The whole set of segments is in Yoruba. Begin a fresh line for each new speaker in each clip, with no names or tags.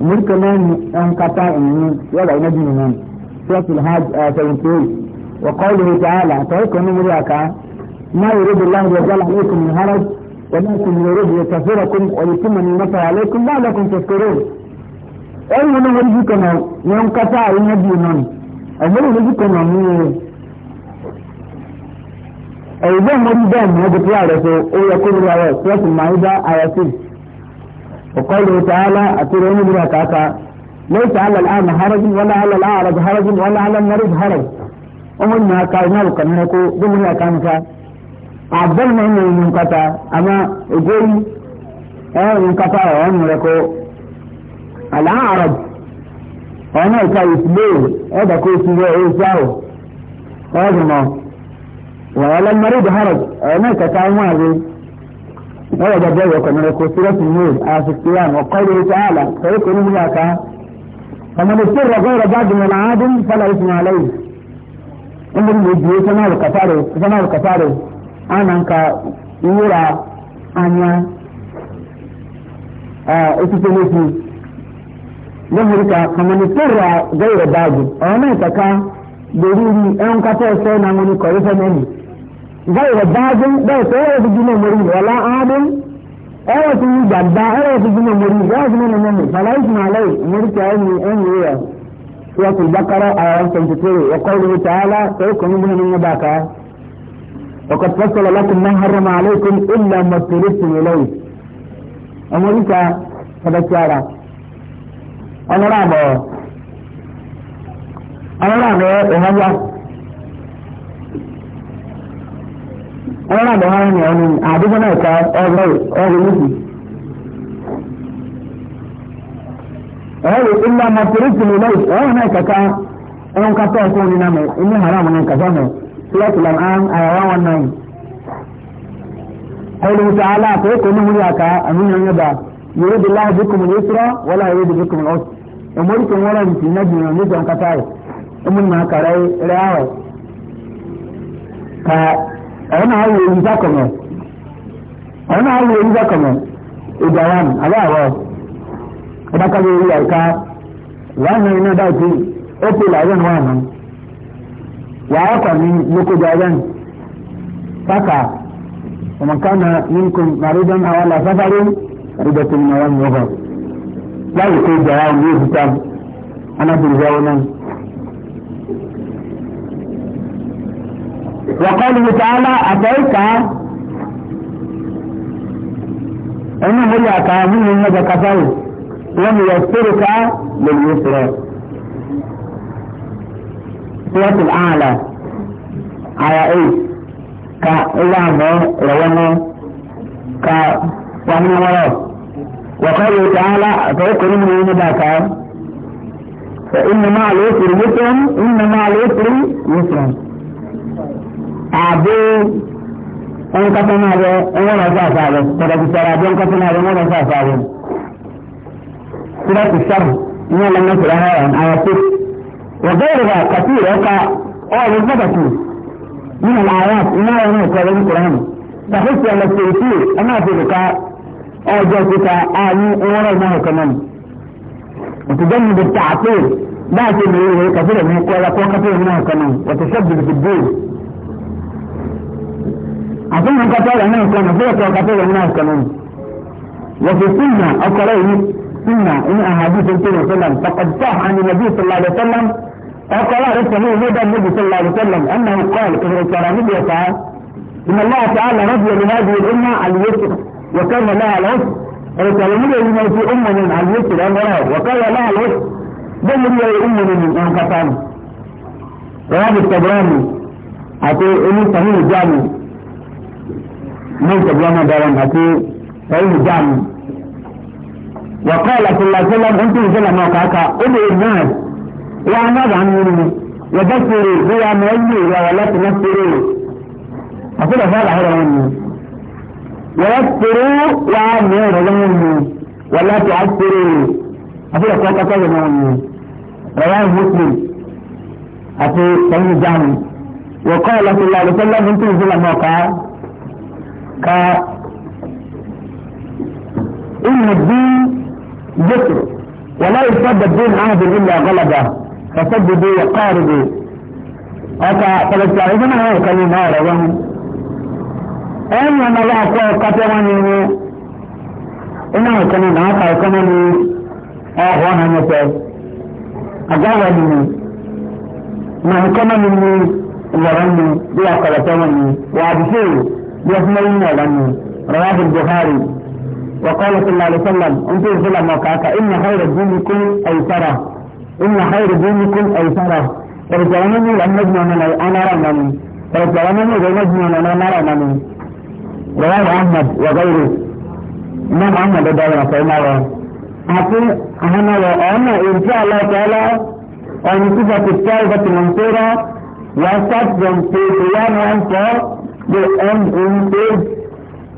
من مركلان انقطاع يضع نجم من سورة الحاج 78 وقوله تعالى توقع نمريكا ما يريد الله يجعل عليكم من هرج ولكن يريد يكفركم ويتم نعمته عليكم لعلكم تشكرون أي من يريد كما ينقطع النبي من أمر يريد من أيضا مريدا ما بتلاقي أو يكون رأي سورة المائدة آية 6 وقوله تعالى أتروني بما كاكا ليس على الآن حرج ولا على الأعرج حرج ولا على المريض حرج ومنها كان نبقى منكو ضمنها كانك عبدالنا إنه ينقطع أما إجري أو ينقطع عمركو الأعرج أنا كايسليه هذا كويسليه إيساو هذا ما وعلى المريض حرج أنا كاكا ماري mọ́rọ̀ gbogbo ẹ̀rọ kọ̀mọ́rẹ́ kó sírẹ́sì yóò àṣìṣe àwọn ọ̀kọ́ ìwé tí àlà sọ̀rọ̀ kò ní nílẹ̀ àká ọmọdé tí ìrọ̀gbọ́n ìrọ̀ bá dùn náà ádùn fọlá ìsìn àlẹ́ yìí ọmọ ìlú ìdí sọ́nàrù kàfàrẹ̀ sọ́nàrù kàfàrẹ̀ ànànkà ìwúra anya ètùtù lẹ́sìn lẹ́hìn ká ọmọdé tí ìrọ̀gbọ́n ìrọ̀ bá dùn غير باغن ده ترى في جنة مريض ولا عادل أنا في جدة أنا في جنة مريض لا في جنة مريض فلا يسمع عليه مريض أني أني إيه سورة البقرة آية 73 وقوله تعالى سيكون منه من نباكا وقد فصل لكم ما حرم عليكم إلا ما اضطررتم إليه أمريكا فبشارة أنا رابع أنا رابع وهذا إيه ọlọ́run àbọ̀ wọn ni ọ̀nà àdúgbò náà ká ọgbẹ́ ọ̀rẹ́ méjì. ọ̀rẹ́ ìlú ọmọ pèrèsì ní ilé ọ̀rẹ́ náà kàkà ẹ̀rọ kàtọ́ ọ̀kọ́ ní nàmọ̀ inú haram ní kàkà mọ̀ sílẹ̀tì làm án àyàwá wọn náà. ọ̀rẹ́ ìlú sàálà pé kò ní múlẹ̀ àká àmúyẹ ń yọba yóò di láàá ọ̀nà ayé ìjà kọ̀mọ̀ ọ̀nà ayé ìjà kọ̀mọ̀ ìjà wa ni àbáwọ̀ ọba kábí orí àìká wàhánà iná dáìtì ó pè láyẹn wà nù wàá kọ̀ ní lókojọ ayẹn pàkà ọmọkánà nínkum màrídán àwọn làfáfáró àrídọ̀tún ní àwọn ìwọ̀họ̀ láyé kó ìjà wa ni yóò وقوله تعالى أتيك إنه يأتاهم إنك كفر يسترك لليسر سورة الأعلى على إيه كإلهه لونه ك ومن وراه وقوله تعالى أتيك منه إنك فإن مع اليسر يسرا إن مع اليسر يسرا àbí ẹnkọ́tọ́ náà rẹ ẹwọ́n lọ sí àṣà rẹ pẹ̀lẹ́bí sọ̀rọ̀ àbí ẹnkọ́tọ́ náà rẹ ẹwọ́n lọ sí àṣà rẹ. Sírẹ́tì sọ̀rọ̀ ní ọlọ́mọ ìṣẹ̀lẹ̀ ọ̀hún àwọn tó. Wọ̀gẹ́ ìrọ̀lá kàtí ìrọ̀ka àtúnwò kọtọ́rọ̀ náà kọ́nà fún ọ̀tọ̀ kọtọ́rọ̀ náà kọ́nà ni. wọ́n fi súnà ọkọ̀rọ̀ yìí súnà ní àhàbí tó tó lọ́sọ̀lá tọkọtọ́ àni nàbí sọ̀lá lọ́sọ̀lá ọkọ̀rọ̀ rẹ̀ sọ̀rọ̀ ìwé dá nàbí sọ̀lá lọ́sọ̀lá ẹ̀nà kọ́ọ̀lù kẹfẹ́ sọ̀rọ̀ níbi ẹ̀fà إن الله تعالى رضي لهذه الأمة عن اليسر وكان لها العسر رسول الله لما في أمة من عن اليسر أمرها وكان لها العسر بل هي أمة من أنقطان رواه الطبراني أقول إني صحيح جامع من ìṣẹ̀lẹ̀ دارنا فيه àti جام، ìjáàmù. وقال صلى الله عليه وسلم انت مثل ما كاكا ادعوا الناس وانا عن مني وبصري هو مؤيي ولا تنصري اقول هذا هذا مني ويسروا وعامر مني ولا تعسروا اقول كاكا كذا مني رواه مسلم في صحيح الجامع وقال صلى الله عليه وسلم انت مثل ما كاكا ك إن الدين جسر ولا يصد الدين عهد إلا غلبه فسددوا وقاربوا أكا فلسعيدنا هو كلمة رواه أين أنا لا أقول كتواني إنه كلمة أكا وكمني أهوانا نسل أجاوني ما هو كمني ورني بلا كتواني وعبسيه يسمعون لأنه رواه البخاري وقال صلى الله عليه وسلم انتم صلى الله إن خير دينكم ايسرا إن خير دينكم أيسرة فرجعونني نجمع من أنا رمني فرجعونني نجمع من أنا رمني رواه أحمد وغيره إمام أحمد دائرة فإنه أقول أنا وأنا إن شاء الله تعالى أن صفة التائبة المنصورة وأستخدم في قيام أنصار they end in page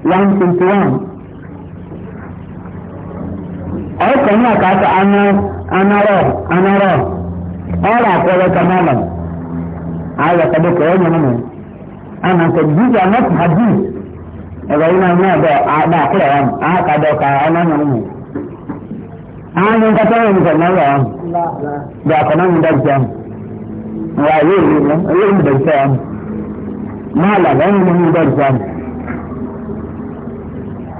121. ọkọ̀ náà kàtà anárọ̀ anárọ̀ ọ̀rọ̀ àpẹẹrẹ kàmọ́lọ̀ ayọ̀kọ̀dé kẹrẹ́ ẹ̀yẹ̀ nínú àmà kò jíjà not hadith ẹ̀rọ yìí náà náà bẹ̀ àdá àkúrẹ̀ wọn àákàdọ̀ kà ọ̀nàmọ̀ nínú àwọn nǹkan tó wọ̀ nǹkan náà wọ̀ wọn bí àkọ́nàmọ̀ dájú wọn wà yóò rí wọn yóò rí ìdọ̀jú wọn máàlà lẹ́yìn ló ń gbọ́ ìsọ́nù.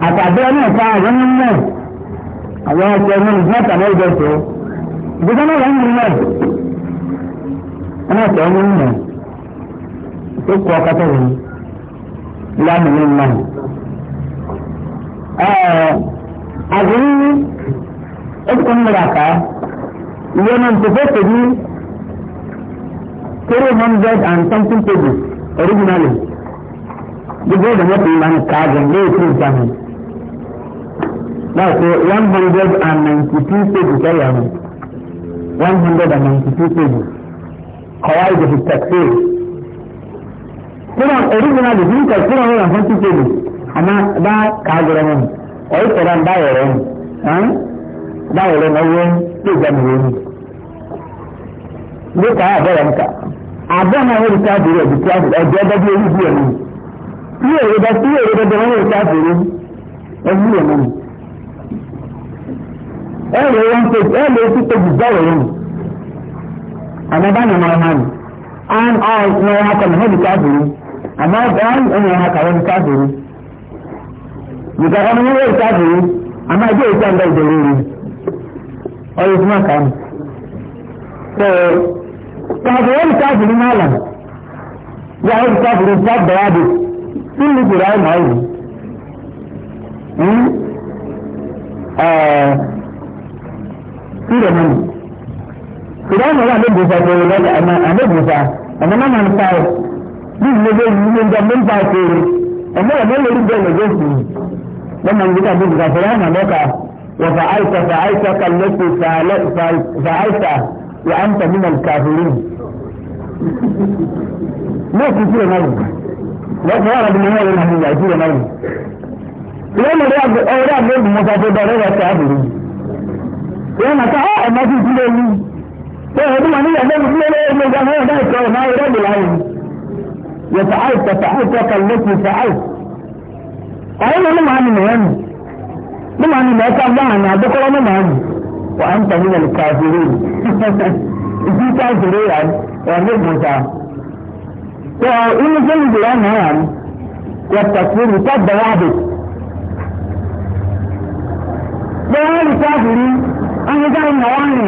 àtàdé ọ̀nà ìta àwọn ń mọ̀ àwọn ọkọ̀ ọmọ ìgbà tàbí ọjọ́ tó ìgbésẹ̀ náà lẹ́yìn ń mọ̀ ọmọ ìta ọmọ ń mọ̀ tó kọ́ ọkọ̀tọ̀ wọn lánàá ní mọ̀. àgbẹ̀rù ẹ̀kọ́ ń lọ ìyẹn náà tó fẹ́ tẹ̀lé three hundred and something pages originally before the Muslim man carving they prove them now so 192 pages sorry I mean 192 pages قواعد في التكفير كنا originally في تكفير هو 150 pages أما ده كاغرمون أي كلام ده يرون ها ده يرون أول تجمعون ليه تعال بقى àbọ̀nà àwọn olùkàdé rẹ̀ bìtì ọjọ́ ọdọ́jú orí bí ẹ̀mí tí èrè bá tí èrè bá dẹ̀wọ́n olùkàdé rẹ̀ ẹ̀mí ẹ̀mí ni. ẹ lè wọn tó ẹ lè tó tóbi bọ́ọ̀lù rẹ̀ àmọ́ bá nà máa hàn án ọ̀ ní wọn kọ̀ ní olùkàdé rẹ̀ àmọ́ án ní wọn kọ̀ ní olùkàdé rẹ̀ ìgbàgbọ́ ní wọn olùkàdé rẹ̀ àmọ́ ẹgbẹ́ ìgbà ń bá ìdè kafirin kafirin malam ya yi kafirin sab da yado sun nufi rayu na yi Sura mani. Sura mani wani busa ko yi lada amma a ne busa, amma na mani fawo. Bin ne zai yi yin jamin ba ko yi, amma a nan lori bai lage su. Wannan buka buka sura mani ka wa fa'aita fa'aita kallatu fa'aita wa anta min al-kafirin náà kú sí ẹ̀ náà lọ́kọ̀ọ́ àwọn ọmọdé náà wọ́n ní ìyá ìdílé náà ìwọ́n mọ̀ ọ̀rẹ́ àgbẹ̀bù mọ́ta tó bá ọ̀rẹ́ ọ̀tá àbúrò ìwọ́n mọ̀ ká ọmọ sí ìdílé ní bẹ́ẹ̀ ọdún wọn ní ìyá lẹ́nu sílé lẹ́yìn ní ìgbà náà náà ìtọ́ ọ̀nà ọ̀rẹ́ ìdílé láyé yẹ̀tà àìsà tààtà kàlẹ́kì ìfà àìsà ọ̀rẹ́ mi ní màá nì mẹ́rin ní màá nì mẹ́ta bá àná àdókòrò ní màá nì wà á ń tẹ̀ nínú kàfìrí ìdí kàfìrí yà wà ní ìgbòsà. Wà inú sẹ́yìn ìgbòrá náà yà ni wà tàkìrí ká bẹ̀rẹ̀ àbò. Bẹ́ẹ̀ wọ́n lè kàfìrí ánìjà ìnáwó ni.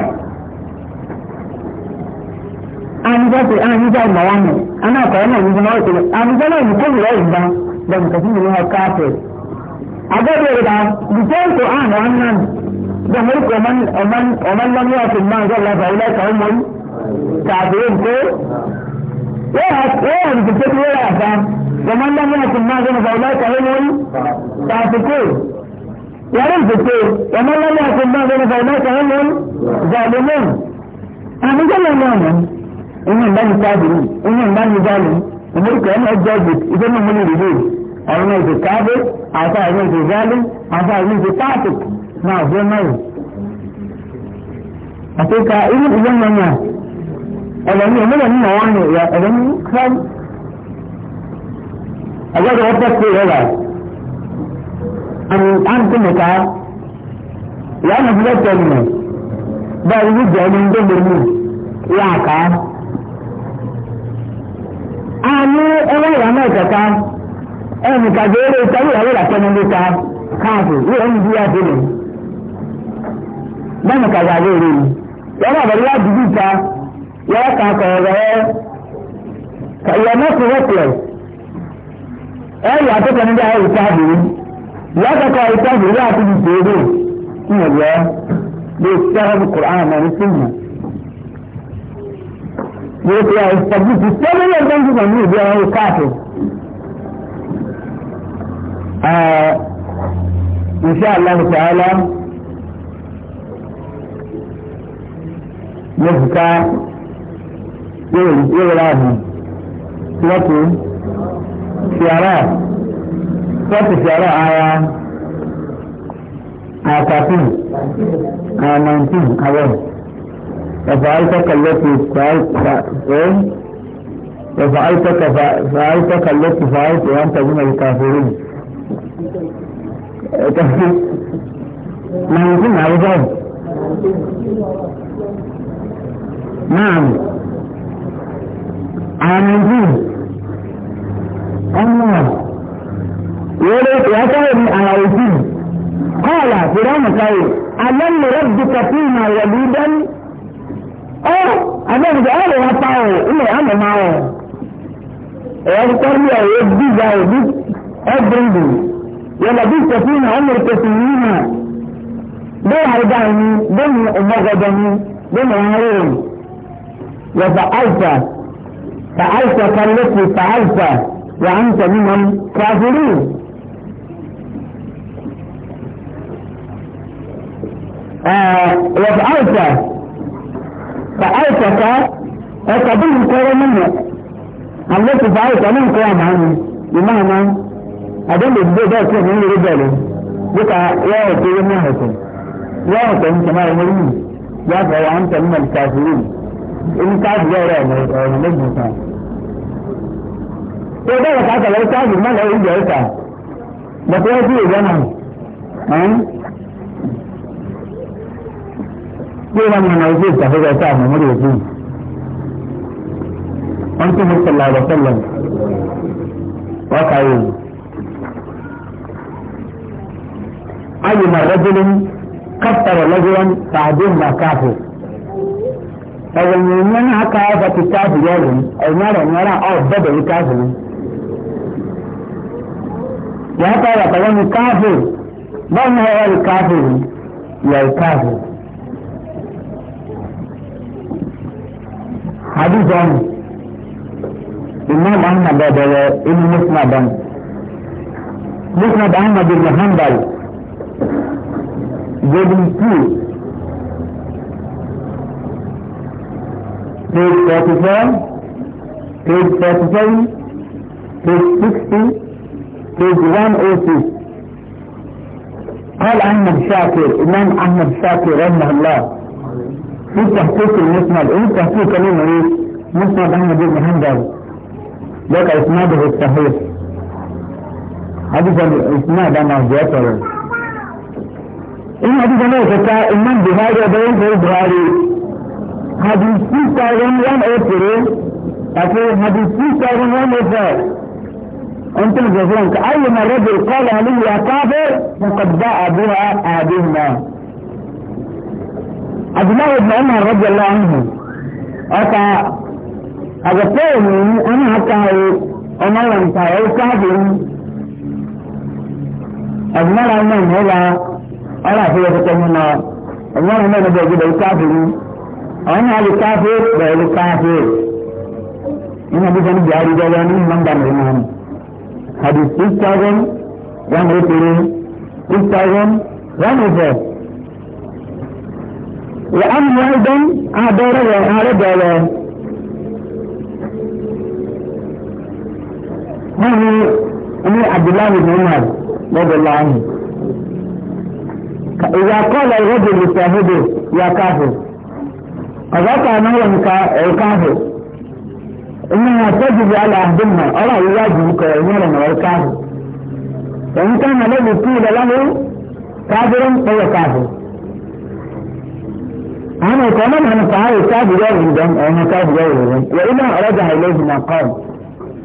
Ánìjà ti ánìjà ìnáwó ni. Aná àkọ́rọ́ náà ní ìgbìmọ̀ ọ̀tẹ̀lẹ̀. Ánìjà náà ní kóòlù ọ̀yìn bá bẹ̀rẹ̀ kàfìrí ní wọn káfìrí. Àgọ́dẹ̀ rẹ̀ bá dìtẹ́ ìtò àná wọn náà jẹ́mọ̀rí kò ọ̀mọ́ lọ́mí ọ̀sẹ̀ máa ń gbọ́ lọ́ba ilé ẹ̀ka ọmọ yìí tàbí nǹkó. wọ́n yà ní tètè wọ́n yà bá ọmọ lọ́mí ọ̀sẹ̀ máa ń gbọ́ lọ́ba ilé ẹ̀ka ọmọ yìí tàbí kò. yàrá ìtètè ọmọ lọ́mí ọ̀sẹ̀ máa ń gbọ́ lọ́ba ilé ẹ̀ka ọmọ yìí tàbí mọ́. àbújá lọ́mọ ọ̀nà ìyẹn ìbáni tàbí ìyẹn ìbáni jáde ìmọ̀rí kò ọmọ ọjọ́ ìgbẹ́ àwọn èdè káàbé àti àwọn èdè zálé àti àwọn èdè páàtìkì na ọgbẹ náà àti ká inú ìgbẹ mọnyà ẹlẹmi ọmọdé nínú àwọn àná ìyá ẹlẹmi kán agbẹdẹ ọpẹ pé ẹwà àmì àǹtí nìka ìyá náà fi lẹtọ nù báyìí ibi jẹ ẹni ndóbi mu ìyá àká àmì ẹwà ìyá náà kẹta ẹnìkàgbé eré ìtàwé ìyàwó làtẹnu níta káàkiri ìyá ẹni bí wàá fi nìyí bẹ́ẹ̀ni kàgbà lóore ni yọ̀ọ́ bàbá yóò dùdú ta yọ̀ọ́ kà kọ̀ ọ̀rọ̀ ẹ̀ yọ̀ọ́ mọ́tò rẹ̀pẹ̀lẹ̀ ẹ̀ yọ̀ àtọ́kọ̀ níbi àwọn ìtàbìrì yọ̀ọ́ kọ̀kọ̀ ìtàbìrì láti di tèèrè ń yọ̀ yọ̀ bí sẹ́rẹ́bù kùrán mọ̀ ní sílùmù. yóò fi àwọn ìtàbìrì sẹ́rẹ́ yóò dán jùlọ ní ìdí àwọn ìkáàtó. Inshallah ta'ala yóò fi ká yóò rà hù lọ́tù fiara lọ́tù fiara ara àtàkùn àmàntìn àwọn ففعلتك التي فعلتك فعلتك التي فعلت وانت من الكافرين ما يمكن هذا náà àwọn jù ọmọ wọlé ìyásáyé ní àlàyé jù kọ́ọ̀lá fìdáhùn káyé alẹ́nu rẹ̀ dùkà sí ìmọ̀ ìyàlú dání ọ abẹ́rẹ́ ọ̀rọ̀ wa pa ọ̀ ilẹ̀ àmọ̀ máa ọ̀ ẹ̀yà ti tọ́lú ẹ̀yẹ bíga ẹ̀bí ẹ̀bíndì yẹlẹ̀ bí ìtẹ̀sí náà ọmọ ìtẹ̀sí yìí bẹ́ẹ̀ àrídà yìí bẹ́ẹ̀ ni ọmọ ọgọdọ yìí bẹ́ẹ̀ ni ọmọ ọrọ̀ yìí. وفعلت فعلت كالتي فعلت وأنت من الكافرين وفعلت فعلتك وقبل كرة أن التي فعلت من قام عني بمعنى أدل الزيدات كيف من رجاله بقى يا رسول الله يا رسول الله كما يقولون يا أنت من الكافرين èyí káàdì ọ̀rọ̀ ọ̀rọ̀ méjì kan. tó bẹ́ẹ̀ ká sọ̀rọ̀ káàdì mọ́lẹ̀ ìjọ ìta bàtẹ́ ẹ sí ìjọ náà bí wọ́n mọ̀ náà sí ìtàkùrọ̀ ìta àmọ́ mọ́lẹ̀ wọ́n tún mú sọ̀lá ọ̀rọ̀ sọ̀lọ̀ wọ́n ká yìí. ayùmọ̀ rẹ́gbẹ́lẹ́ kàtàrọ̀ lọ́gbẹ́rẹ́ tàbí màkàfẹ́ ẹ̀rọ ìyẹn náà ká ọ̀fọ̀ ti káàfù yọ̀rùn ẹ̀yìn ọ̀rọ̀ ìyẹn náà ọ̀ bẹ̀bẹ̀ ní káàfù ni. yàá ká ọ̀rọ̀ pẹ̀lú ní káàfù báwo ni ọ̀rọ̀ ní káàfù ni yà ní káàfù. àdìjọ ni ìmọ̀ọ́mọ̀ ọ̀hún àbẹ̀bẹ̀rẹ̀ inú mùsùlùmí àbẹ̀rẹ̀ mùsùlùmí àbẹ̀rẹ̀ ahmed bin muhammad gbẹdùn two. page 44, page 47, page 60, page 106 قال أحمد شاكر إمام أحمد شاكر رحمه الله في تحقيق المسند إيه تحقيق كلمة إيه مسند أحمد بن حنبل لك إسناده الصحيح حديث الإسناد أنا جاته إن حديث أنا إمام بخاري وبين البخاري hadisi thousand one eight zero أقول hadisi thousand one eight zero أنتم رجل قال لي يا كافر فقد باء بها أبيهما أجمع ابن عمر رضي الله عنه أتى أغفوني أنا أتى عمر أنت أو كافر أجمع عمر هذا أنا في هنا عمر هنا نبي أجيب الكافر àwọn náà lè káfíè pẹ̀lú káfíè nínú bí sọ́ni bí arúgbó wọn ní nọ́mbà mi náà ni àti six thousand one hundred oh three six thousand one hundred oh four. وأن أيضا أدور وأرد على هذه أمير عبد الله بن عمر رضي الله عنه إذا قال الرجل لصاحبه يا كافر ọ̀gọ́ta náírà nǹka ẹ̀ka ahù ìyẹn àtẹ́jú bí alẹ́ àdé mọ̀ ọ̀rọ̀ àwíwá jù kọ̀ ẹ̀yìn rẹ̀ nà ẹ̀ka ahù ẹ̀yìn ká nà lẹ́bi kú ilẹ̀ láhù káàbírẹ̀ ń pẹ̀lẹ̀ ká ahù. àwọn ẹ̀kọ́ náà nà nǹka ahù káàbírẹ̀ òwúdọ̀ ẹ̀yìn na òwúdọ̀ wọ́n iná ọ̀rọ̀jà àìlẹ́jì nà kọ́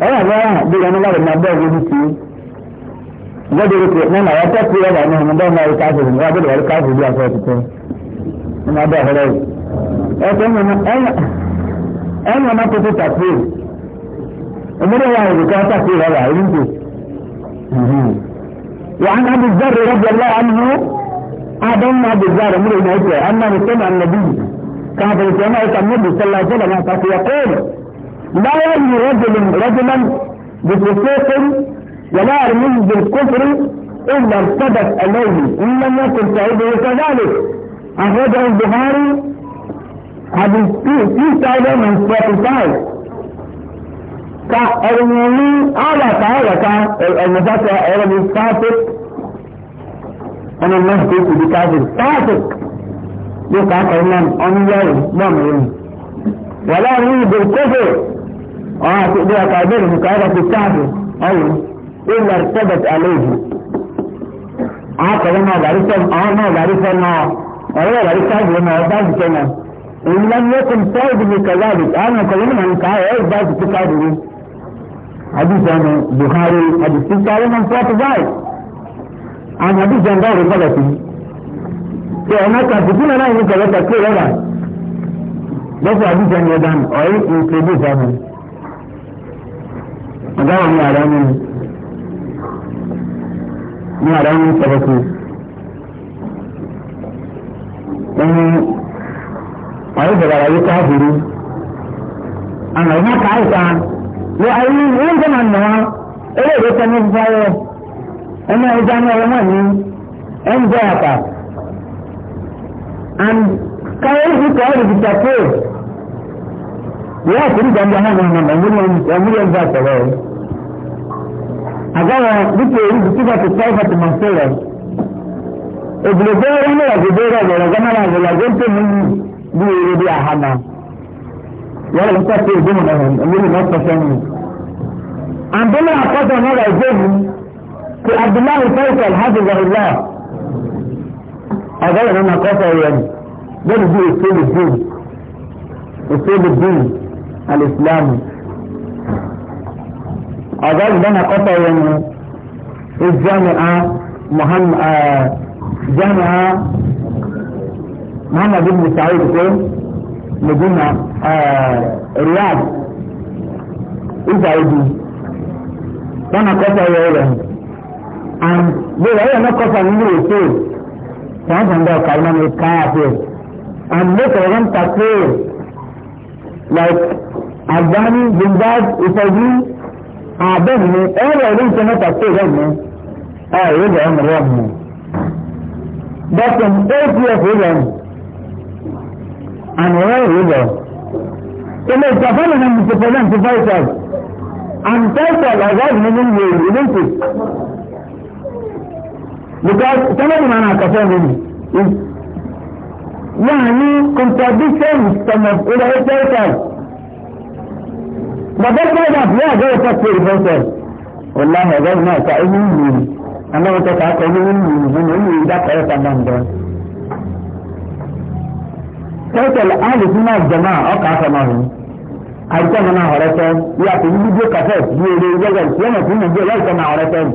ọ̀rọ̀ àbẹ́rẹ́ àbí ẹni lọ́rọ̀ nà bẹ́ẹ̀ wọ́n ti gbọ́dọ̀ rẹ̀ ẹ̀sẹ̀ ẹ̀yàn máa tó وعن ابي الزر رضي الله عنه ادم ابي الذر امر الموت أنه سمع النبي كان في السماء النبي صلى الله عليه وسلم يقول لا يرمي رجل رجلا بفسوق ولا يرميه بالكفر الا ارتدت عليه ان لم يكن سعيده كذلك اخرجه البخاري has been spent 2045 ka ẹ̀rìnrìn àwàta àwàta ẹ̀rọ̀mọ̀sáta ẹ̀rọ̀mọ̀ traffic ọmọ náà tó kù di traffic traffic ló kà á kọ̀ ọ́nà ọ̀nìyàwó bọ́ọ̀mù rẹ̀ wà láàrin ìbò kófò ọ̀hún àti ìdí ọ̀kà ìbẹ̀rẹ̀ nǹkan ẹ̀rọ ti traffic ọ̀hún ìlà tẹ́bẹ̀t àlejò àkọ̀wé náà gàrí sọ́nà ọ̀hún náà gàrí sọ́nà ọ̀rẹ́ gàrí sọ́nà ọ̀dá ìjẹ́ náà. إن لم يكن صاحبه كذلك أنا أكلم عن كاية ذات تكابري حديث عن بخاري حديث تكابري من صوت ذلك عن حديث عن دار الغلطي فأنا كان تكون أنا إنك لك كل هذا بس حديث عن يدان أي إنكريبي فاهم أدعوا من أعلامين من أعلامين سبكي ọ̀rẹ́ ìjọba ayé ká burú àmọ́ ìmọ̀ káyì ká lọ ayé wọ́n ń gbọ́nà nà wọ́n eré ìwé tẹ́lẹ̀ fún ayé ẹ̀mọ ẹja ní ọ̀rẹ́ mọ̀ ní ẹ̀ǹjẹ́ àpà and káyé fi kọ́ ẹ̀rì fìtà pé wọ́n ti ń gbọ́nà náà nà nà ẹ̀múlẹ̀ ń bá tẹ̀lẹ̀ ẹ̀ àgbàwọ̀ dípò èyí ti tíba ti tẹ́lẹ̀ fàtí mọ̀ sílẹ̀ òbílẹ̀ bẹ́ẹ̀rẹ̀ ní ọ̀gbẹ̀dẹ̀ rẹ̀ lọ́gbọ́n náà lọ́gbọ́n tó mú yìí bí eré bí àhámà wọ́n lè sọ́kè ìdúnnù náà ẹ̀mí lè sọ́kè ẹ̀mí. àbúlé àkọ́tọ̀ náà rẹ̀ jẹ́bi kí abdullahi fẹ́ẹ̀sì alhaji wàhálà ọ̀gá yẹn náà kọ́tọ̀ yẹn bẹ́ẹ̀ni bí òṣèlú dùn òṣèlú dùn alìsílámù ọ̀gá yẹn náà kọ́tọ̀ yẹn ìjọ́nù á muhammad jẹ́nu á muhammad ibn sa'id ko medina eh, riyadh isaidi wọn akọta yẹrẹ rẹ and bí wọn yẹn lọkọta nínú èso wọn kàn dá ọkà iná mi ká àpè and later wọn tàpé like agbani zimbab ìfọdí àbẹ̀mí ẹ̀rọ ìlú ìṣẹ́ mẹ́ta pé rẹ̀ mọ́ ẹ̀ ìlú ẹ̀rọ mọ́ rẹ̀ mọ́ dọ́kítà eight years ago and where we go. Ilé ìtàfẹ́lì náà ní Sèpèlè ti Faisal. And Faisal ọ̀gá ìdílé ní ìwé ìdílé. Because sẹ́lẹ̀dì máa ń àkàtọ́ mi ni. Yáà ní contradiction sọmọ ilẹ̀ Faisal. Bàbá Faisal fi yáà gbé ìtọ́ sí Faisal. Wọ́n láhùn ọ̀gá ìdílé náà ká ẹni ìlú. Àná wọ́n tọ́ka akọ ní ìlú ìlú nínú ìlú ìdákọ̀ọ́ ìtàgbàǹdọ̀ tẹ́tẹ̀lẹ̀ alùpùpù náà jẹ̀mọ́ ọkà àfọ̀mọ́ ọ̀hún àìsàn náà ọ̀rẹ́ tẹ́ yíyá tó ní bíbí kàfẹ́ bí eré yẹ́gẹ̀ lọ́nà tí mo gbé láìsàn náà ọ̀rẹ́ tẹ́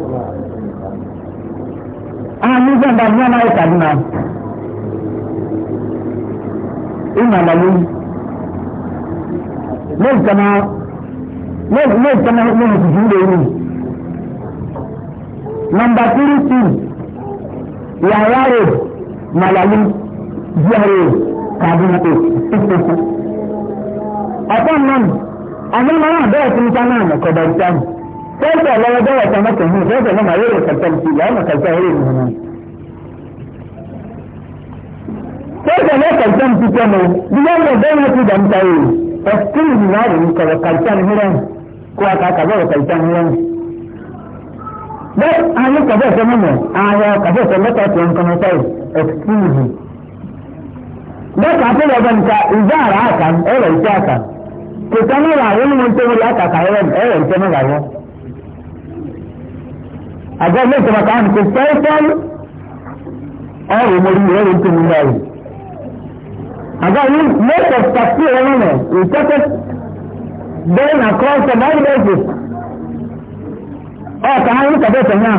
àwọn nígbàgbà ní ọmọ ẹ̀ka dùn náà ìmọ̀ àlàyé lóòótọ́ náà lóòótọ́ náà lóòótọ́ tuntun lè rí nọmba tírí yàrá rè màlàyé jihar kaduna ko ọ̀pọ̀ nínú àwọn ọmọ náà bẹ́ẹ̀ fún sáná àmọ̀ kọ̀dọ̀ ìtàn tẹ́tẹ̀ lọ́wọ́ bẹ́ẹ̀ tán mọ́tò mú tẹ́tẹ̀ náà máa yóò kẹ̀kẹ́ sí ìyá ọmọ kẹ̀kẹ́ eré ìlú náà tẹ́tẹ̀ lọ́wọ́ kẹ̀kẹ́ sí tẹ́mọ bíyá ọmọ bẹ́ẹ̀ náà ti dàmta yìí ẹ̀sìn ìlú náà rèé kọ̀rọ̀ kàìtàn mìíràn kó a kàkà bọ̀rọ̀ kàìtàn mìíràn bẹ́ẹ̀ àwọn kàbẹ́ẹ̀sẹ̀ mọ́mọ́ àwọn kàbẹ́ẹ̀sẹ̀ mẹ́ta ti ń kọ́mọ́tà bẹ́ẹ̀ka tó lọ bẹ́ẹ̀ nǹkan ìjà àrà àkàn ẹ̀rọ ìṣe àkàn kò sẹ́ni rà wọ́n ní mo ń tẹ́wọ́ láti àkàn ẹ̀rọ ẹ̀rọ ìṣe náà rà wọ́n. àgọ́ ilé ìjọba kan kò sẹ́ni sẹ́ni ọ̀rọ̀ mọ́rí ẹ̀rọ ìṣe mi náà rè. àgọ́ ilé mẹ́tọ̀ tàbí ẹ̀rọ náà ìtẹ́tẹ́ bẹ́ẹ̀ nà kọ́ ọ̀sẹ̀ náà rẹ̀ jù. ọ̀kà ayé tàbí ẹ̀sẹ̀ náà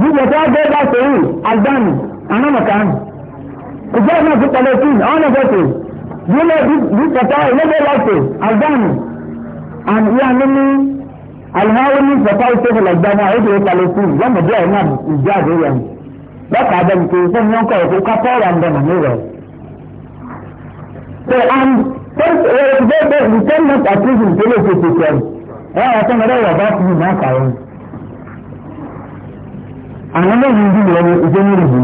Jíjẹ tó gbé bá sórí àgbàmì ànámọ̀kánì. Ìjọ náà ti pẹ̀lú sí àwọn ọ̀fẹ́sẹ̀. Jíjẹ bí pẹ̀tọ́ ìlẹ́gbẹ̀ lọ́sẹ̀ àgbàmì. Ìyá mi ní àlùmáwó ní pẹ̀tọ́ ìṣẹ́fẹ̀ lọ́gbàmì àìsè pẹ̀lú sí lọ́mọ díẹ̀ náà ìjà àdéhùn. Bọ́kà abẹ́mi kì í sẹ́ni wọn kọ̀ ọ̀kọ́ kápọ́ ọ̀rọ̀ àndọ̀nà ní rẹ̀. So and first uh, the the the ten months at prison tó lè ṣe ṣe ṣe ẹ̀ ẹ̀ ọ̀sán ọ̀rẹ́ ìwà bá fi hàn náà kàwé àwọn lẹ́yìn ìdí ìlọ ní ìdí ní ìlú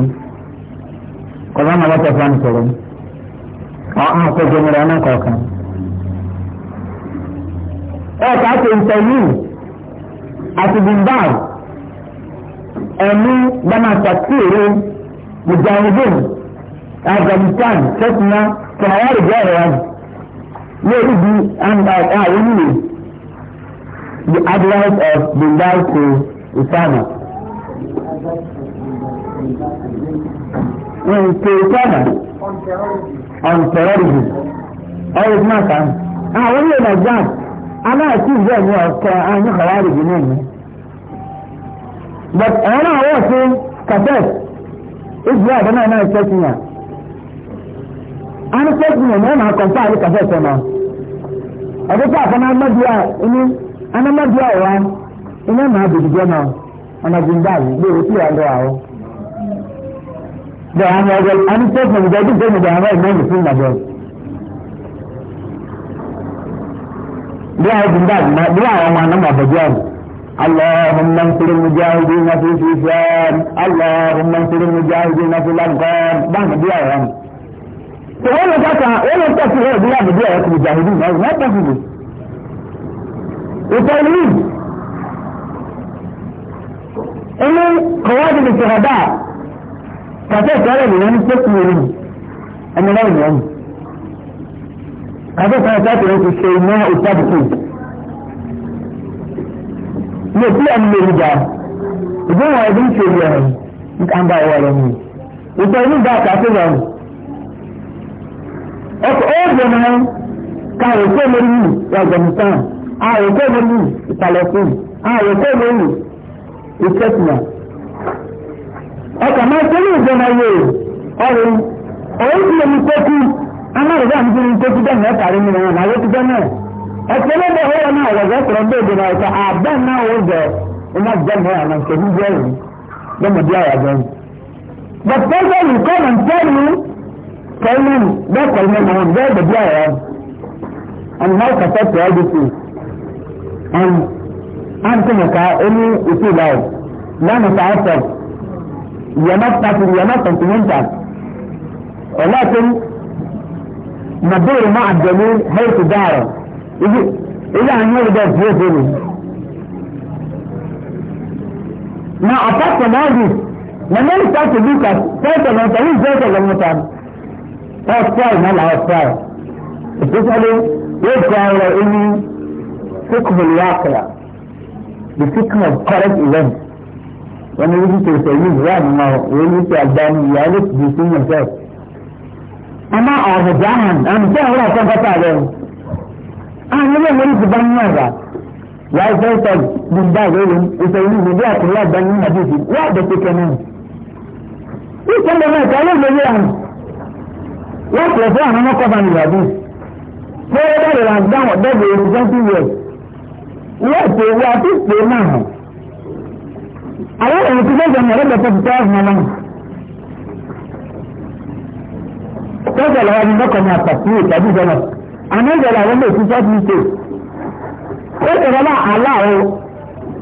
kọ̀ọ̀bá máa lọ́tọ̀ fún àmì sọ̀rọ̀ àwọn àkójọ mìíràn ọ̀nà kọ̀ọ̀kan. ẹ̀ka ṣe ìtẹ̀lú àti bíbá ẹ̀mí gbàmàṣàkìrì mujahideen afghanistan kẹ́sìnà kẹ̀hàwárì bẹ́ẹ̀rẹ̀ wọn lórí bí àwọn onílé the advice of bíbá to ìsàmù. Nkèkọ́dà ọ̀ntẹ̀rọ̀dì ọ̀rọ̀ ìgbàta. Àwọn ilé Nàìjíríà aláàtí ìjọ ní ọ̀kọ́ anyị kọ̀wárì jù náà ní. But ọ̀rọ̀ náà wọ́n sí cassette ìjọ àbọ̀ náà náà ṣẹ́kì yà. A ní ṣẹ́kì yà ní ọ̀nà àkọ́kọ́ àrí cassette náà. Ọ̀dọ́kọ̀ àkọ́nà amádìá ẹni anamádìá ọ̀wá iná máa bèbí jẹ́ náà. ọmọdún báyìí lórí tí wàá lọ àwọn. Bẹ́ẹ̀ àwọn ọ̀rẹ́ àti tẹ́sán ìjọ ọdún tó nìjọ àwọn ìmọ̀ ìlú fún ìgbàgbọ́. Bẹ́ẹ̀ ọdún báyìí náà bí àwọn ọmọ àná màbọ̀jọ́ àrùn. اللهم انصر المجاهدين في الإسلام اللهم انصر المجاهدين في الأفغان بعد ديارهم ولا تكا ولا تكا ولا تكا ولا تكا مجاهدين ما تكا وتوليد ẹni kọ̀wádìí lè ṣe ọ̀dà kàtà ìtọ́lẹ̀ lè ní ṣé kúrò ní ẹni náà ìyá ni kàtà ìtọ́lẹ̀ láti rẹ̀ ti ṣe iná ìtàbùkù ní òkú ẹni lè níjà ìgbóhùn ẹbí ń ṣe ìyẹn nípa ń bá ọwọ́ rẹ̀ mú ìtọ́ inú ìgbà kàtà ìyá ni ọkọ̀ ó gbẹ̀ náà ka àròkọ́ lórí yìí ọ̀gbẹ̀nìtàn àròkọ́ lórí ìpàlẹ̀kùn àròkọ́ lórí ìkẹ́tìmọ̀ ọkà máa tẹ́lẹ̀ ìjọba yóò ọrùn òun ti lè ní pẹ́kú amárùbá mi ti ní pẹ́kú dẹ́nu ẹ̀kàrí mi náà náà náà ẹ̀kẹ́ lọ́dọ̀ ọwọ́ náà ọ̀gá ọ̀sọ̀rọ̀ bẹ́ẹ̀ dé náà àbẹ́ náà ó jẹ ọmọ jẹ́mu na ìṣẹ́jú jẹ́ òun lọ́mọdé àyàjọ́ ni. the person will come and tell you kẹ́lẹ́ bẹ́ẹ̀ ya náà bẹ́ẹ̀ dẹ̀bí àyà and ya to take care of this thing an kuma ka any isi lawo la mu ta'assar ya ma ta'assar ya ma sentimental ولكن ندور مع الدليل حيث دار إذا أن يبدأ في ذلك ما أفضل هذه من لم تأتي بك تأتي من تأتي زيت المتعب أصفار ما الأصفار تسألوا يبقى على إني فقه الواقع the seeking of current events. When you listen to the news, right now, when you say Albani, you always deceive yourself. Ama ọ̀rọ̀ jahan, àmì tí àwọn ọ̀sán kọ́ta rẹ̀. Àwọn ilé ìwé ti bá nínú ọ̀gá. Wàá fẹ́ sọ gbígbà lórí ìṣẹ̀lú ìlú bí àkùrẹ́ àgbáyé ní àdéhùn. Wọ́n àdé pété náà. Bí ìṣẹ̀lẹ̀ náà ìta yóò lóye àná. Wọ́n pẹ̀lú àwọn ọmọkọ̀ọ̀bá ní ìyàdí. Bọ́lá bẹ̀rẹ̀ àgbáwọ̀ dẹ́gbẹ̀ẹ́ wọ́ọ̀sì ìwé àti ìpè náà hàn. àwọn èèyàn ti gbọ́dọ̀ ní ọ̀rẹ́ bẹ̀tẹ̀ fìtẹ́ ọ̀hún náà. tọ́jà lọ́wọ́ ni lọ́kọ̀ ní àpàtì ìtàjú ìjọba àmọ́ ìjọba àwọn ọmọ òṣìṣẹ́ ti ṣe. ó sọ̀rọ̀ náà aláwọ̀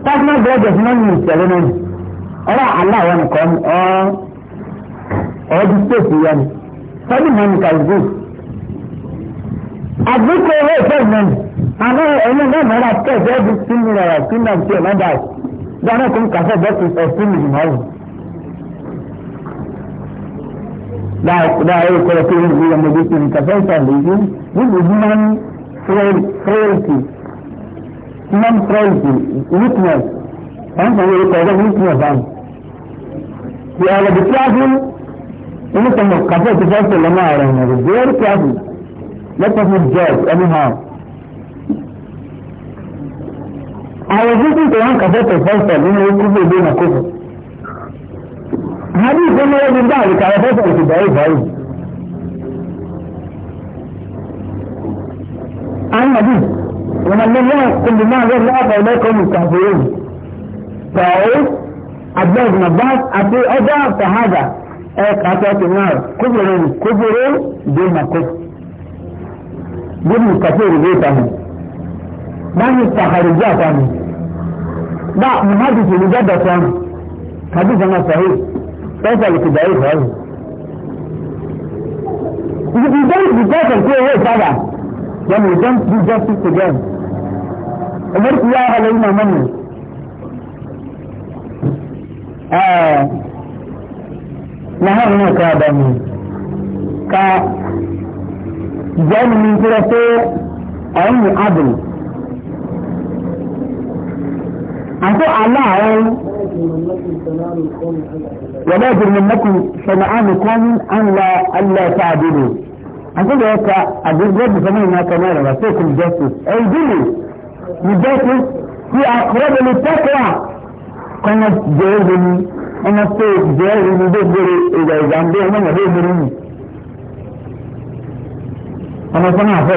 pásínà bẹ́ẹ̀dẹ̀ fún ọ́nà ìṣẹ̀lẹ̀ náà ọ̀rọ̀ aláwọ̀ nìkan ọ̀ọ́dún stéètì yẹn ni sọ́dún mọ́nìkà ìgbò àgbékò owó ìfẹ́ ìmọ̀nì àná ẹni náà mọ́ra tẹ̀sí ẹ̀dùn sínú rẹ̀ sínú àti ẹ̀mọ́dà dáná kún kàfẹ́ bẹ́ẹ̀ tó sínú ìmọ̀ràn. láàyè kọ́ra tó ń gbé ọmọdé sínú kàfẹ́ ìsàlẹ̀ yìí níbi human frailty human frailty weakness wọ́n kàn wọ́n kọ́ ọ̀gá weakness am. ìyàwó bí kíláàfin inú kan mọ̀ kàfẹ́ tó fẹ́ sọ̀rọ̀ náà rẹ̀ rẹ̀ very careful let us not judge anyhow. awezeki kuamka zote sasa dunia kubwa bila kufa hadi kama hiyo mbali kwa sasa ukidaifa hivi ama hivi ومن لم يحكم بما غير الله فاولئك هم الكافرون طاووس عبد الله بن عباس اتي اذى فهذا اي قاطعه النار كفر كفر بما كفر بما كفر بيتهم ما يستخرجها عنه لا محادثة مجدة حديثنا صحيح ليس لتدعيه هذا If you don't be careful, go away further. Then you don't do justice to them. Umar ku ya halayi maman ne. Na har ne ka da mu. Ka jami'in kira sai a yi mu adalci. àti aláàrẹ wọlé ìdìrìmọ́kù sọ̀nàánù kan ńlá aláta àdúró àti ìwé ẹ̀ka àdúgbò ìfọ̀nà ìnáka náà rẹ̀ sí òkú justice ẹ̀yìn dìrì ní justice tí àkọ́rọ́bìnrin tẹ́kọ̀ọ́ kọ́nà jẹ́ẹ́rì ni ọmọ tó jẹ́ẹ́rì ni gbẹ́gbẹ́rẹ́ ìgbà ìgbà ń bẹ ọmọ ìgbà ìgbà ìgbà ìgbà ọmọ sọ́nà àfẹ́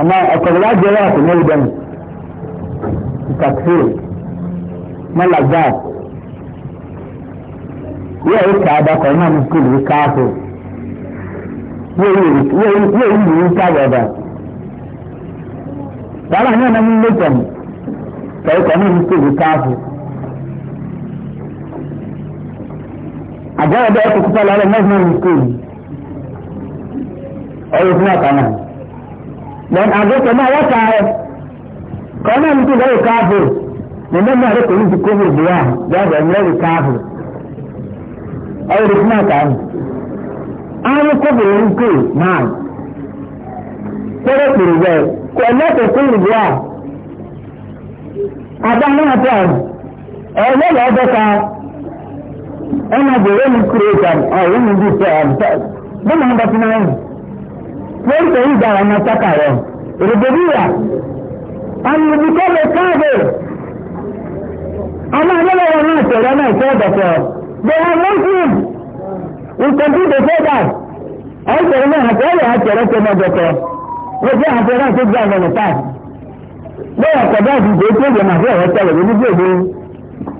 أما akwai wajen yawa su mai don takfir malagat yau yi ta da kwa ina muskul yi kafo yau yi yi ta gaba tara hanyar na mun lokacin ka yi kwanin muskul yi kafo a jawa da ya kusa lalata mazmin muskul a yi suna kanan lẹ́nu àgọ́tọ̀ náà wọ́n ta ẹ̀ kọ́ náà ní kí lẹ́yìn káàbù nínú náà rẹ̀ kò ní ti kóbù bí wà lọ́dọ̀ lẹ́yìn káàbù ọ̀rẹ́ fún àkà ẹ̀ àwọn kóbù yẹn kò náà kéré kùrù bẹ́ẹ̀ kò lẹ́tọ̀ kóbù bí wà àbá náà tẹ̀ ẹ̀ lọ́lọ́ ọ̀dọ́ ta ẹ̀ lórí pẹ̀lú ìgbà àwọn ọmọ sáka rẹ̀ rògbòdìyà àmì ìbùkọ́ lè káàbò ọmọ abẹ́lẹ́wọ̀ náà tẹ̀lé náà tẹ́ ọ̀dọ̀tọ̀ they are muslim we complete the federal ọ̀sẹ̀rẹ̀ náà àtẹ̀rẹ̀ àtẹ̀rẹ̀ tẹ́ ọ̀dọ̀tọ̀ wọ́n jẹ́ àtẹ̀rẹ̀ àti gbà àwọn ọ̀nà táà lọ́wọ́ ọ̀kọ̀dọ̀ àti ìgbé tó yẹ màá fẹ́ ọ̀rẹ́ tẹ̀lé ní bí èdè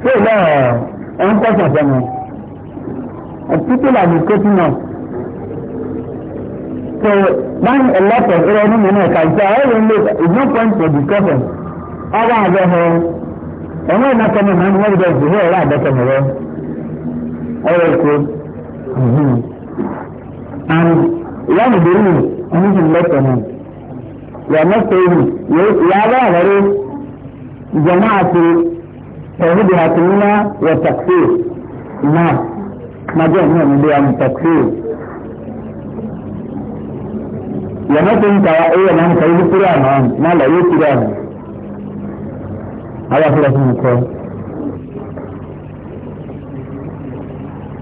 tó lọ́ọ̀ ẹ̀ ń kọ́ sọ̀tẹ̀ mọ́ So buying a lot of Iranian money can say, I don't look, it's no point for discussion. Other than the whole, and we're not coming on, we're just here, right, that's And when you believe, and you can let them in. You are not saying, you are very جماعة توحيد na وتكفير نعم ما جاء am التكفير lọ́nà tó ń ta ẹ̀yẹ máa ń ka ibi kúrò àná máa lọ yóò kúrò àná. Àwọn afúlẹ̀ fún mi kọ́.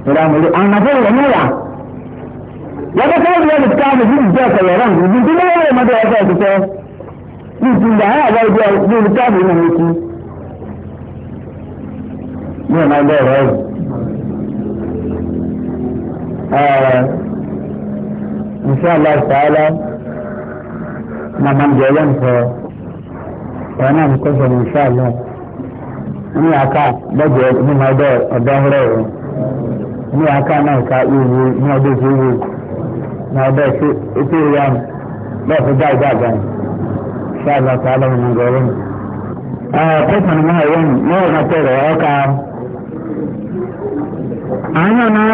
Ìlànà àwọn afẹ́ ìwọ̀n náà wà. Yàtọ̀ tó ń lọ ní ká ní bíbí ọ̀sẹ̀ yẹ̀rọ nù ní bíbí ọ̀rẹ́ ọmọdé ọ̀sẹ̀ òtítọ́. Ní ìtúndà àwọn àwọn ibi ọ̀sẹ̀ ní ká ní ìmọ̀ ìkú. Ní ọ̀nà ọ̀dọ́ ọ̀rọ̀ Inshallah ta'ala màmá jẹ ọlọ́run sọ ọ̀rọ̀ náà ní kọ́sọ̀ ní ìṣá náà ní àká lọ́jọ́ nínú ọdọ ọ̀dọ́ ọ̀rẹ́ rẹ̀ ní àká náà ká ewu ní ọdọ tó ewu ní ọdọ ètò ìyá mi lọ́ọ̀fù dáì dáàgá ni ìṣá náà ká lọ́wọ́ ní ọgọ́rọ́ mi. kọ́sọ̀ ní máa wọ́n ní ọ̀nà tẹ̀rẹ̀ ọ̀ka àwọn náà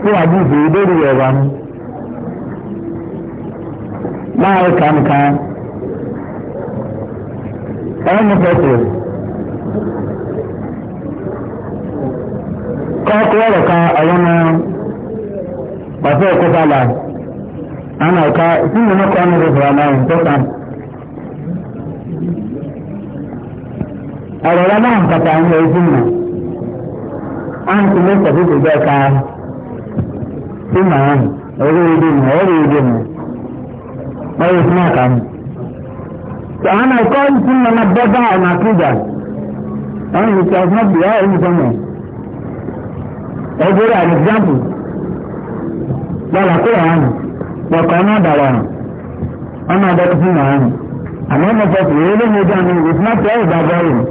tí wàá bí ìdè ìdórí ẹ̀wà mi. láàárọ̀ kàǹkà a. pẹ̀tẹ̀ kọ́kọ́ ọ̀rọ̀ ka ọ̀rọ̀ náà pàṣẹ ẹ̀kọ́ bàlà àná ọ̀ka náà kọ́ ọ́nà ìrọ̀rọ̀ aláwọ̀ tọ́ka. ọ̀rọ̀ náà kàtà ń lọ sí mi àǹtí bẹ́ẹ̀ ká sí màá orí ìdí mi ìdí mi. ọyọ fún àkàmù àwọn ẹ̀kọ́ ìsìn nana bọ́dá ọ̀nà àkújà àwọn ìrìnsà ọ̀sán bìí ọ̀hún ìsọ̀mọ̀ ẹgbẹ́rẹ́ àti example lọ́la kó wàá nù ọ̀nà na ọ̀nà ọ̀dọ́kọ̀ na wàá àmọ́ ọmọ fọ́ọ̀tù eré mi dán ní ìsìn àti ẹ̀rù bàbá rẹ̀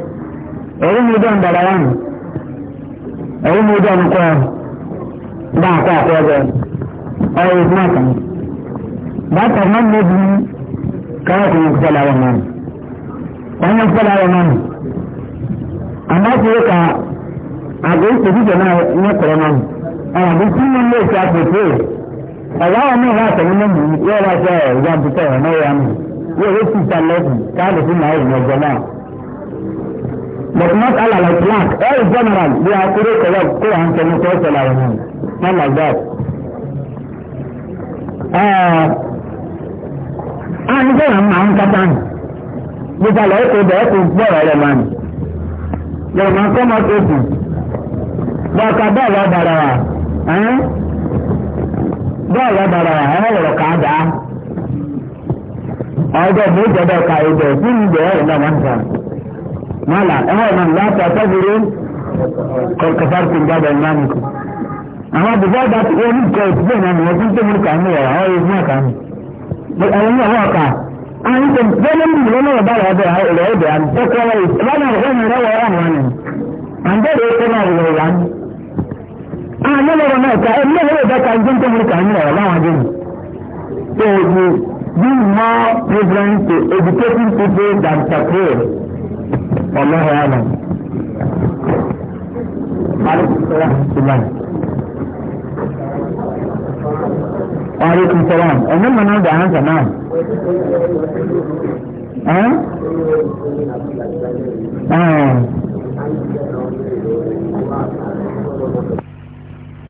eré mi dàrà wà bákan náà níbi káwọn kò ní kúkọ́ láwọn náà wọ́n ní kúkọ́ láwọn náà àmọ́ sí i ka àgọ́ ìpèsè náà ní kọ̀rọ̀ náà àwọn àbí tí wọ́n lè ṣe àpèsè ọ̀gá wọn náà wà sẹ́yìn náà yìí yóò wá sẹ́ ìyá àbúkọ́ ẹ̀ náà yà mí yóò wọ́n ti ta lẹ́sìn káàdì fún náà ìrìn ọjọ́ but not all our plans all general they are kúrò kọ̀wọ́ kó à ń sẹ́yìn kọ́ not like that. Ah a ní sọ̀rọ̀ àwọn àwọn kata nù gbogbo àlọ́ ẹ̀kọ́ bẹ̀ ẹ̀kọ́ bọ̀rọ̀ rẹ̀ máa nù yorùbá kọ́ máa tó sùn bọ́ọ̀ka bọ́ọ̀lù ọ̀bàrà wà bọ́ọ̀lù ọ̀bàrà wà ẹ̀rọ wọ̀rọ̀ kà á dà á ọjọ́ mi jẹ́ bẹ́ẹ̀ ka ẹ̀jẹ̀ sí mi jẹ́ ẹ̀rọ náà máa ń sàn mọ́là ẹ̀rọ náà láti ọ̀sẹ́bìrì kọ̀kọ̀fàtì gbàdọ̀ ìmáàmù kù àwọn àbùkù ọ̀dà tó ń kọ ìtúbọ̀ náà ni wọ́n ti ń tẹ̀wé kàánù ọ̀rọ̀ àwọn ẹ̀rọ náà kàánù ẹ̀yìn náà wọ̀ ká àwọn ìṣe bẹ́ẹ̀ ní ìlú náà bá rẹ̀ bẹ̀rẹ̀ rẹ̀ bẹ̀rẹ̀ àti tẹ́kọ̀ rẹ̀ ìbáná rẹ̀ ń rẹ̀ wọ̀ ọ̀rọ̀ ni àǹdẹ̀rẹ̀ ètò náà rẹ̀ wà ní. àwọn ẹlẹ́rọ náà ká ẹni náà lè bẹ́ẹ̀ ká ẹni tó ń rí kàánú ọ̀rọ̀ láwọn adé ni. so you be more prevalent to educating وعليكم السلام المهم نرجع عنك نعم ها؟ اه